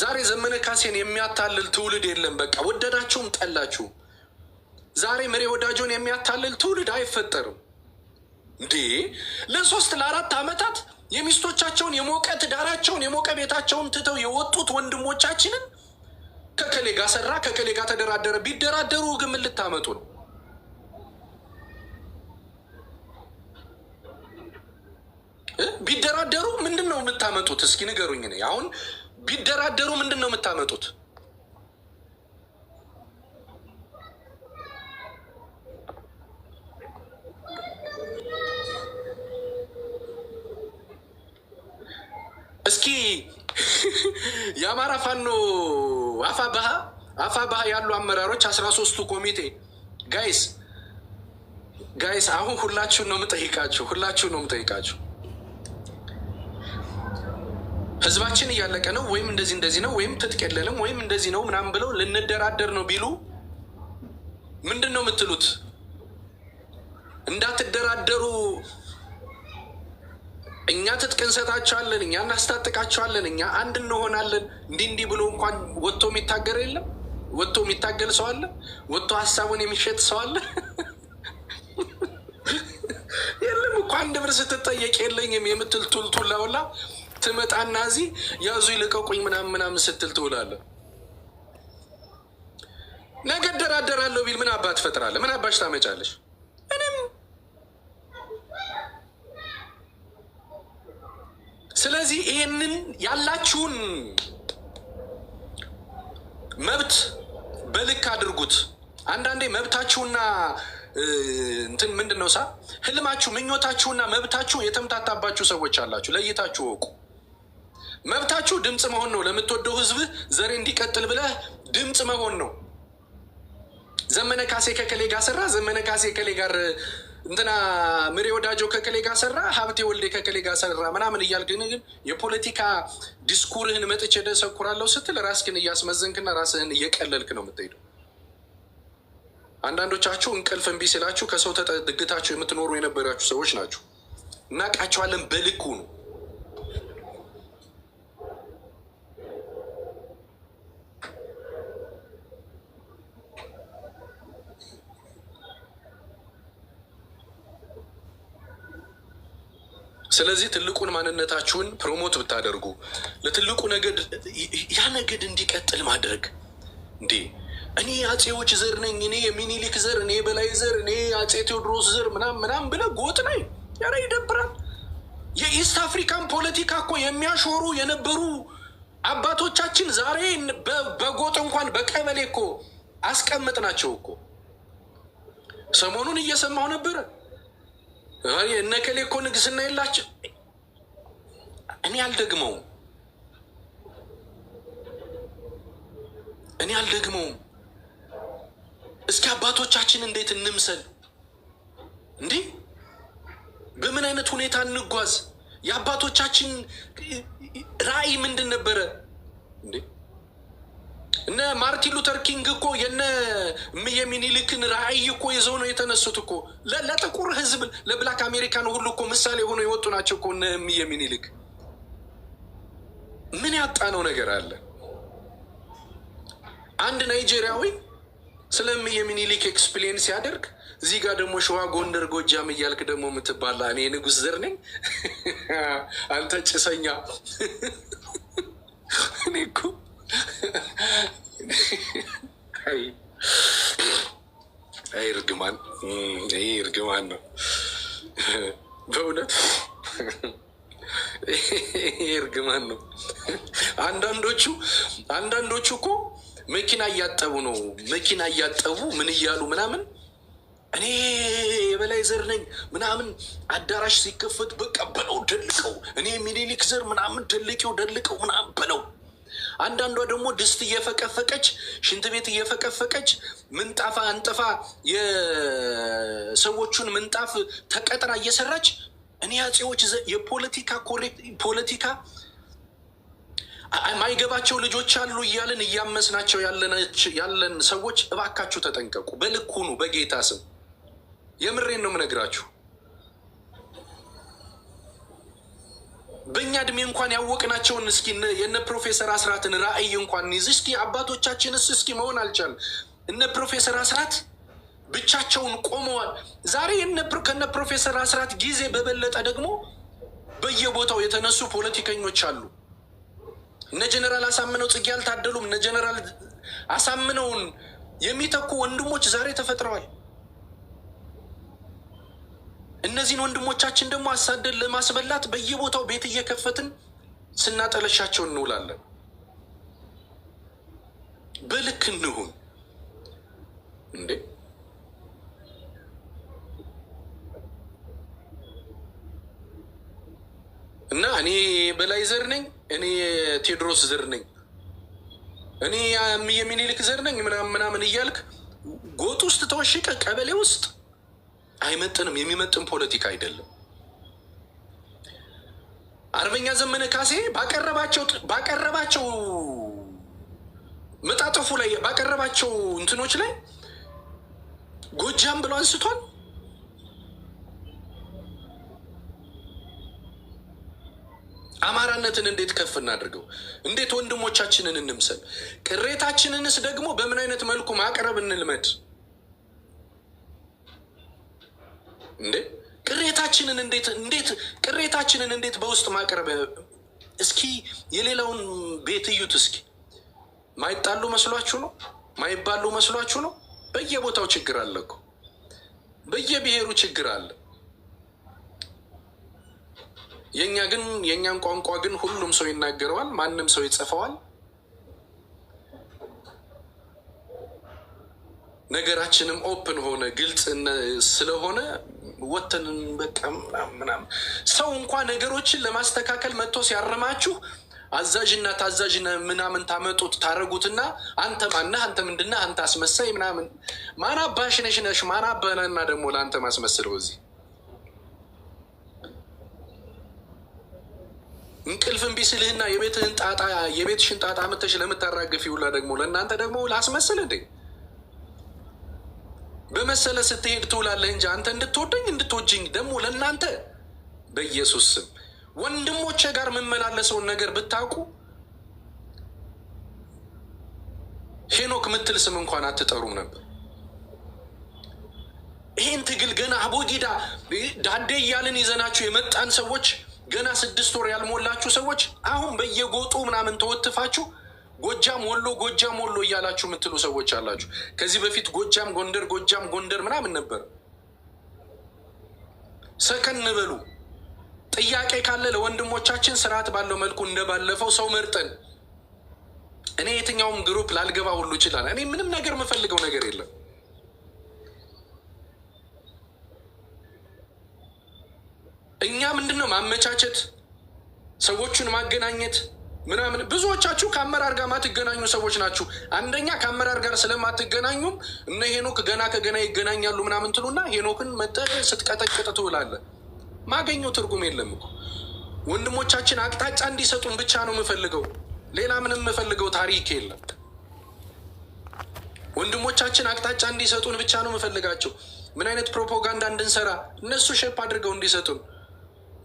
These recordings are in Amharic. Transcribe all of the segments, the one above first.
ዛሬ ዘመነ ካሴን የሚያታልል ትውልድ የለም። በቃ ወደዳችሁም ጠላችሁ፣ ዛሬ መሬ ወዳጆን የሚያታልል ትውልድ አይፈጠርም። እንዴ ለሶስት ለአራት ዓመታት የሚስቶቻቸውን የሞቀ ትዳራቸውን የሞቀ ቤታቸውን ትተው የወጡት ወንድሞቻችንን ከከሌ ጋር ሰራ፣ ከከሌ ጋር ተደራደረ፣ ቢደራደሩ ግምን ልታመጡ ነው? ቢደራደሩ ምንድን ነው የምታመጡት? እስኪ ንገሩኝ። አሁን ቢደራደሩ ምንድን ነው የምታመጡት? እስኪ የአማራ ፋኖ አፋ ባህ አፋ ያሉ አመራሮች አስራ ሶስቱ ኮሚቴ ጋይስ ጋይስ አሁን ሁላችሁን ነው የምጠይቃችሁ፣ ሁላችሁን ነው የምጠይቃችሁ። ህዝባችን እያለቀ ነው ወይም እንደዚህ እንደዚህ ነው ወይም ትጥቅ የለንም ወይም እንደዚህ ነው ምናምን ብለው ልንደራደር ነው ቢሉ ምንድን ነው የምትሉት? እንዳትደራደሩ እኛ ትጥቅ እንሰጣቸዋለን፣ እኛ እናስታጥቃቸዋለን፣ እኛ አንድ እንሆናለን። እንዲህ እንዲህ ብሎ እንኳን ወጥቶ የሚታገር የለም። ወጥቶ የሚታገል ሰው አለ። ወጥቶ ሀሳቡን የሚሸጥ ሰው አለ። የለም እኮ አንድ ብር ስትጠየቅ የለኝም የምትል ቱልቱላ ሁላ ትመጣና እዚህ ያዙ ይልቀቁኝ ምናምን ምናምን ስትል ትውላለህ። ነገ እደራደራለሁ ቢል ምን አባት ትፈጥራለህ? ምን አባሽ ታመጫለሽ? ምንም። ስለዚህ ይሄንን ያላችሁን መብት በልክ አድርጉት። አንዳንዴ መብታችሁና እንትን ምንድን ነው ሳ ህልማችሁ ምኞታችሁና መብታችሁ የተምታታባችሁ ሰዎች አላችሁ። ለይታችሁ ወቁ። መብታችሁ ድምፅ መሆን ነው። ለምትወደው ህዝብ ዘሬ እንዲቀጥል ብለህ ድምፅ መሆን ነው። ዘመነ ካሴ ከከሌ ጋር ሰራ፣ ዘመነ ካሴ ከሌ ጋር እንትና ምሬ ወዳጆ ከከሌ ጋር ሰራ፣ ሀብቴ ወልዴ ከከሌ ጋር ሰራ ምናምን እያልክ ግን የፖለቲካ ዲስኩርህን መጥቼ ደሰኩራለሁ ስትል ራስህን እያስመዘንክና ራስህን እየቀለልክ ነው የምትሄደው። አንዳንዶቻችሁ እንቅልፍ እምቢ ስላችሁ ከሰው ተጠግታችሁ የምትኖሩ የነበራችሁ ሰዎች ናችሁ። እናቃቸዋለን በልኩ ነው ስለዚህ ትልቁን ማንነታችሁን ፕሮሞት ብታደርጉ ለትልቁ ነገድ ያ ነገድ እንዲቀጥል ማድረግ እንዴ እኔ አፄዎች ዘር ነኝ፣ እኔ የሚኒሊክ ዘር፣ እኔ በላይ ዘር፣ እኔ አፄ ቴዎድሮስ ዘር ምናም ምናም ብለ ጎጥ ነኝ። ኧረ ይደብራል። የኢስት አፍሪካን ፖለቲካ እኮ የሚያሾሩ የነበሩ አባቶቻችን ዛሬ በጎጥ እንኳን በቀበሌ እኮ አስቀምጥ ናቸው እኮ። ሰሞኑን እየሰማው ነበረ እነ ከሌ እኮ ንግስና የላቸው። እኔ አልደግመውም እኔ አልደግመውም። እስኪ አባቶቻችን እንዴት እንምሰል? እንዲህ በምን አይነት ሁኔታ እንጓዝ? የአባቶቻችን ራዕይ ምንድን ነበረ እንዴ? እነ ማርቲን ሉተር ኪንግ እኮ የነ የሚኒልክን ራዕይ እኮ ይዘው ነው የተነሱት እኮ ለጥቁር ህዝብ ለብላክ አሜሪካን ሁሉ እኮ ምሳሌ ሆነው የወጡ ናቸው እኮ እነ የሚኒልክ። ምን ያጣነው ነገር አለ? አንድ ናይጄሪያዊ ስለ የሚኒሊክ ኤክስፕሌን ሲያደርግ እዚህ ጋር ደግሞ ሸዋ፣ ጎንደር፣ ጎጃም እያልክ ደግሞ የምትባላ እኔ ንጉስ ዘር ነኝ አንተ ጭሰኛ እኔ እኮ አይ እርግማን፣ ይሄ እርግማን ነው በእውነት ይሄ እርግማን ነው። አንዳንዶቹ አንዳንዶቹ እኮ መኪና እያጠቡ ነው መኪና እያጠቡ ምን እያሉ ምናምን እኔ የበላይ ዘር ነኝ ምናምን አዳራሽ ሲከፈት በቃ በለው ደልቀው፣ እኔ የሚኒሊክ ዘር ምናምን ደልቀው ደልቀው ምናምን በለው አንዳንዷ ደግሞ ድስት እየፈቀፈቀች ሽንት ቤት እየፈቀፈቀች ምንጣፍ አንጥፋ የሰዎቹን ምንጣፍ ተቀጥራ እየሰራች እኔ አፄዎች የፖለቲካ ፖለቲካ ማይገባቸው ልጆች አሉ እያለን እያመስናቸው ያለን ሰዎች እባካችሁ ተጠንቀቁ። በልኩኑ በጌታ ስም የምሬን ነው የምነግራችሁ። በእኛ እድሜ እንኳን ያወቅናቸውን እስኪ የነ ፕሮፌሰር አስራትን ራእይ እንኳን ይዝ እስኪ አባቶቻችንስ እስኪ መሆን አልቻል። እነ ፕሮፌሰር አስራት ብቻቸውን ቆመዋል። ዛሬ ከነ ፕሮፌሰር አስራት ጊዜ በበለጠ ደግሞ በየቦታው የተነሱ ፖለቲከኞች አሉ። እነ ጀነራል አሳምነው ጽጌ አልታደሉም። እነ ጀነራል አሳምነውን የሚተኩ ወንድሞች ዛሬ ተፈጥረዋል። እነዚህን ወንድሞቻችን ደግሞ አሳደን ለማስበላት በየቦታው ቤት እየከፈትን ስናጠለሻቸው እንውላለን። በልክ እንሁን እንዴ! እና እኔ በላይ ዘር ነኝ፣ እኔ ቴዎድሮስ ዘር ነኝ፣ እኔ የሚኒልክ ዘር ነኝ ምናምን ምናምን እያልክ ጎጥ ውስጥ ተወሽቀ ቀበሌ ውስጥ አይመጥንም። የሚመጥን ፖለቲካ አይደለም። አርበኛ ዘመነ ካሴ ባቀረባቸው መጣጠፉ ላይ ባቀረባቸው እንትኖች ላይ ጎጃም ብሎ አንስቷል። አማራነትን እንዴት ከፍ እናድርገው? እንዴት ወንድሞቻችንን እንምሰል? ቅሬታችንንስ ደግሞ በምን አይነት መልኩ ማቅረብ እንልመድ? እንዴ ቅሬታችንን እንዴት እንዴት ቅሬታችንን እንዴት በውስጥ ማቅረብ እስኪ የሌላውን ቤት እዩት እስኪ ማይጣሉ መስሏችሁ ነው ማይባሉ መስሏችሁ ነው በየቦታው ችግር አለ እኮ በየብሔሩ ችግር አለ የእኛ ግን የእኛን ቋንቋ ግን ሁሉም ሰው ይናገረዋል ማንም ሰው ይጽፈዋል ነገራችንም ኦፕን ሆነ ግልጽ ስለሆነ ወተን በቃ ምናምን ሰው እንኳ ነገሮችን ለማስተካከል መጥቶ ሲያረማችሁ አዛዥና ታዛዥና ምናምን ታመጡት ታረጉትና፣ አንተ ማነህ? አንተ ምንድነህ? አንተ አስመሳይ ምናምን ማን አባሽ ነሽ ነሽ ማን አባነና ደግሞ ለአንተ ማስመስለው እዚህ እንቅልፍን ቢስልህና የቤትህን ጣጣ የቤትሽን ጣጣ ምተሽ ለምታራግፊ ሁላ ደግሞ ለእናንተ ደግሞ ላስመስል እንዴ? በመሰለ ስትሄድ ትውላለህ እንጂ አንተ እንድትወደኝ እንድትወጅኝ ደግሞ ለእናንተ በኢየሱስ ስም ወንድሞቼ ጋር የምመላለሰውን ነገር ብታውቁ ሄኖክ ምትል ስም እንኳን አትጠሩም ነበር። ይህን ትግል ገና አቦጊዳ ዳዴ እያልን ይዘናችሁ የመጣን ሰዎች ገና ስድስት ወር ያልሞላችሁ ሰዎች አሁን በየጎጡ ምናምን ተወትፋችሁ ጎጃም ወሎ ጎጃም ወሎ እያላችሁ የምትሉ ሰዎች አላችሁ። ከዚህ በፊት ጎጃም ጎንደር ጎጃም ጎንደር ምናምን ነበር። ሰከን በሉ። ጥያቄ ካለ ለወንድሞቻችን ስርዓት ባለው መልኩ እንደባለፈው ሰው መርጠን እኔ የትኛውም ግሩፕ ላልገባ ሁሉ ይችላል። እኔ ምንም ነገር የምፈልገው ነገር የለም። እኛ ምንድን ነው ማመቻቸት፣ ሰዎቹን ማገናኘት ምናምን ብዙዎቻችሁ ከአመራር ጋር ማትገናኙ ሰዎች ናችሁ። አንደኛ ከአመራር ጋር ስለማትገናኙም እነ ሄኖክ ገና ከገና ይገናኛሉ ምናምን ትሉና ሄኖክን መጠ ስትቀጠቅጥ ትውላለ። ማገኘው ትርጉም የለም እኮ ወንድሞቻችን አቅጣጫ እንዲሰጡን ብቻ ነው የምፈልገው። ሌላ ምንም የምፈልገው ታሪክ የለም። ወንድሞቻችን አቅጣጫ እንዲሰጡን ብቻ ነው የምፈልጋቸው። ምን አይነት ፕሮፓጋንዳ እንድንሰራ እነሱ ሼፕ አድርገው እንዲሰጡን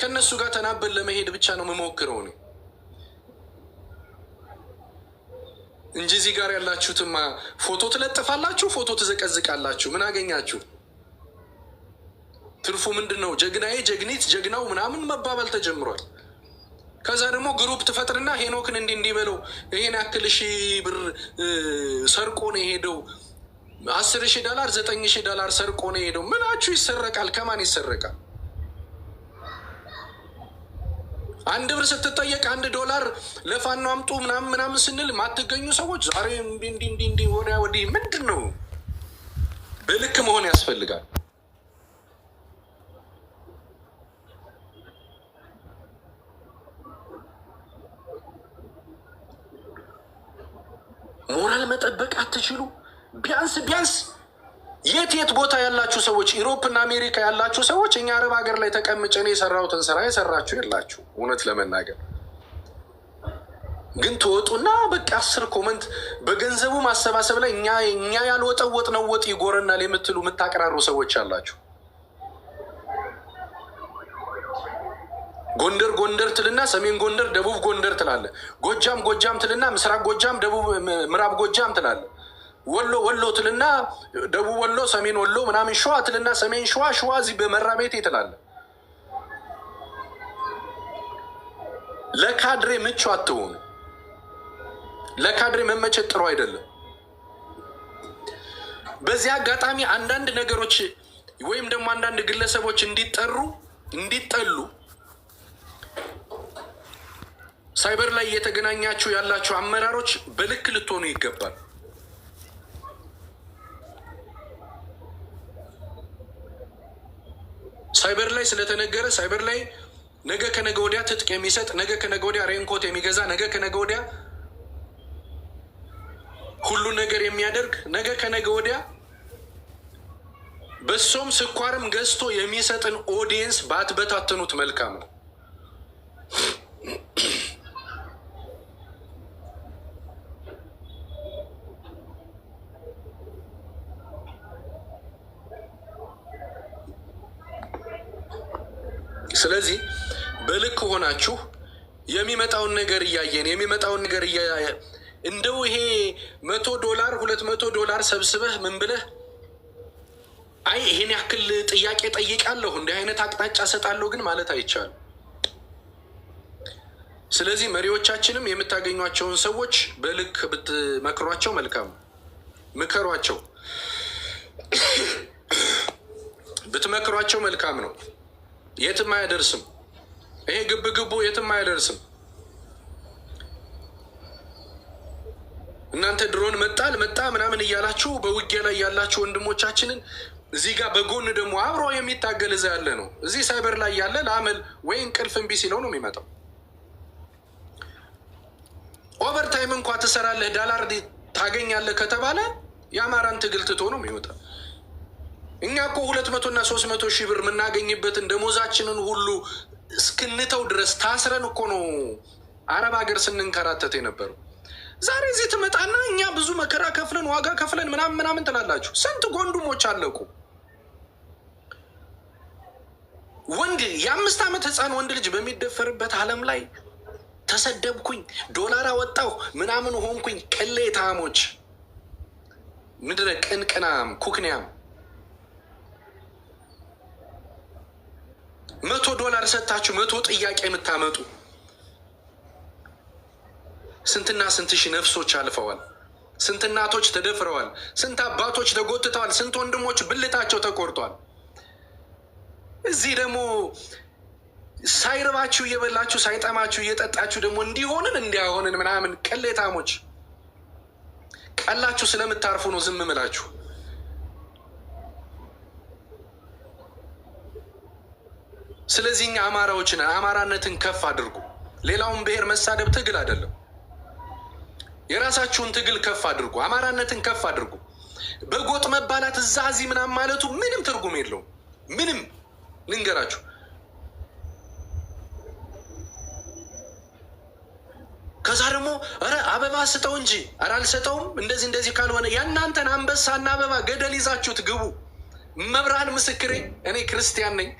ከእነሱ ጋር ተናበን ለመሄድ ብቻ ነው የምሞክረው እኔ። እንጂ እዚህ ጋር ያላችሁትማ ፎቶ ትለጥፋላችሁ፣ ፎቶ ትዘቀዝቃላችሁ። ምን አገኛችሁ? ትርፉ ምንድን ነው? ጀግናዬ፣ ጀግኒት፣ ጀግናው ምናምን መባባል ተጀምሯል። ከዛ ደግሞ ግሩፕ ትፈጥርና ሄኖክን እንዲህ እንዲህ በለው ይሄን ያክል ሺ ብር ሰርቆ ነው የሄደው፣ አስር ሺ ዶላር፣ ዘጠኝ ሺ ዶላር ሰርቆ ነው የሄደው። ምናችሁ ይሰረቃል? ከማን ይሰረቃል? አንድ ብር ስትጠየቅ አንድ ዶላር ለፋኖ አምጡ ምናምን ምናምን ስንል ማትገኙ ሰዎች ዛሬ እንዲህ እንዲህ እንዲህ ወዲያ ወዲህ ምንድን ነው? በልክ መሆን ያስፈልጋል። ሞራል መጠበቅ አትችሉ ቢያንስ ቢያንስ የት የት ቦታ ያላችሁ ሰዎች ኢሮፕና አሜሪካ ያላችሁ ሰዎች እኛ አረብ ሀገር ላይ ተቀምጨን እኔ የሰራሁትን ስራ የሰራችሁ የላችሁ። እውነት ለመናገር ግን ትወጡና በቃ አስር ኮመንት በገንዘቡ ማሰባሰብ ላይ እኛ እኛ ያልወጠወጥ ነው ወጥ ይጎረናል የምትሉ የምታቀራሩ ሰዎች አላችሁ። ጎንደር ጎንደር ትልና ሰሜን ጎንደር፣ ደቡብ ጎንደር ትላለ። ጎጃም ጎጃም ትልና ምስራቅ ጎጃም፣ ደቡብ ምዕራብ ጎጃም ትላለ። ወሎ ወሎ ትልና ደቡብ ወሎ፣ ሰሜን ወሎ ምናምን፣ ሸዋ ትልና ሰሜን ሸዋ፣ ሸዋ እዚህ በመራ ቤቴ ትላለ። ለካድሬ ምቹ አትሆኑ። ለካድሬ መመቸት ጥሩ አይደለም። በዚህ አጋጣሚ አንዳንድ ነገሮች ወይም ደግሞ አንዳንድ ግለሰቦች እንዲጠሩ እንዲጠሉ ሳይበር ላይ እየተገናኛችሁ ያላችሁ አመራሮች በልክ ልትሆኑ ይገባል። ሳይበር ላይ ስለተነገረ ሳይበር ላይ ነገ ከነገ ወዲያ ትጥቅ የሚሰጥ ነገ ከነገ ወዲያ ሬንኮት የሚገዛ ነገ ከነገ ወዲያ ሁሉን ነገር የሚያደርግ ነገ ከነገ ወዲያ በሶም ስኳርም ገዝቶ የሚሰጥን ኦዲየንስ ባትበታትኑት መልካም ነው። ስለዚህ በልክ ሆናችሁ የሚመጣውን ነገር እያየን የሚመጣውን ነገር እያየ እንደው ይሄ መቶ ዶላር ሁለት መቶ ዶላር ሰብስበህ ምን ብለህ አይ ይሄን ያክል ጥያቄ ጠይቃለሁ እንዲህ አይነት አቅጣጫ ሰጣለሁ ግን ማለት አይቻልም። ስለዚህ መሪዎቻችንም የምታገኟቸውን ሰዎች በልክ ብትመክሯቸው መልካም፣ ምከሯቸው፣ ብትመክሯቸው መልካም ነው። የትም አያደርስም። ይሄ ግብ ግቡ የትም አያደርስም። እናንተ ድሮን መጣል መጣ ምናምን እያላችሁ በውጊያ ላይ ያላችሁ ወንድሞቻችንን እዚህ ጋር በጎን ደግሞ አብሮ የሚታገል እዛ ያለ ነው። እዚህ ሳይበር ላይ ያለ ለአመል ወይ እንቅልፍ እምቢ ሲለው ነው የሚመጣው። ኦቨርታይም እንኳ ትሰራለህ ዳላር ታገኛለህ ከተባለ የአማራን ትግል ትቶ ነው የሚወጣው። እኛ እኮ ሁለት መቶና ሶስት መቶ ሺህ ብር የምናገኝበትን ደሞዛችንን ሁሉ እስክንተው ድረስ ታስረን እኮ ነው አረብ ሀገር ስንንከራተት የነበረው። ዛሬ እዚህ ትመጣና እኛ ብዙ መከራ ከፍለን ዋጋ ከፍለን ምናምን ምናምን ትላላችሁ። ስንት ወንድሞች አለቁ። ወንድ የአምስት ዓመት ህፃን ወንድ ልጅ በሚደፈርበት ዓለም ላይ ተሰደብኩኝ፣ ዶላር አወጣሁ፣ ምናምን ሆንኩኝ። ቅሌታሞች ምድረ ቅንቅናም ኩክንያም መቶ ዶላር ሰታችሁ መቶ ጥያቄ የምታመጡ ስንትና ስንት ሺህ ነፍሶች አልፈዋል። ስንት እናቶች ተደፍረዋል። ስንት አባቶች ተጎትተዋል። ስንት ወንድሞች ብልታቸው ተቆርጧል። እዚህ ደግሞ ሳይርባችሁ እየበላችሁ ሳይጠማችሁ እየጠጣችሁ ደግሞ እንዲሆንን እንዲያሆንን ምናምን ቅሌታሞች ቀላችሁ ስለምታርፉ ነው ዝም ምላችሁ። ስለዚህ እኛ አማራዎችን አማራነትን ከፍ አድርጉ። ሌላውን ብሔር መሳደብ ትግል አይደለም። የራሳችሁን ትግል ከፍ አድርጉ። አማራነትን ከፍ አድርጉ። በጎጥ መባላት እዛ እዚህ ምናምን ማለቱ ምንም ትርጉም የለውም። ምንም ልንገራችሁ፣ ከዛ ደግሞ ኧረ አበባ ስጠው እንጂ ኧረ አልሰጠውም፣ እንደዚህ እንደዚህ ካልሆነ የእናንተን አንበሳና አበባ ገደል ይዛችሁት ግቡ። መብርሃን ምስክሬ፣ እኔ ክርስቲያን ነኝ።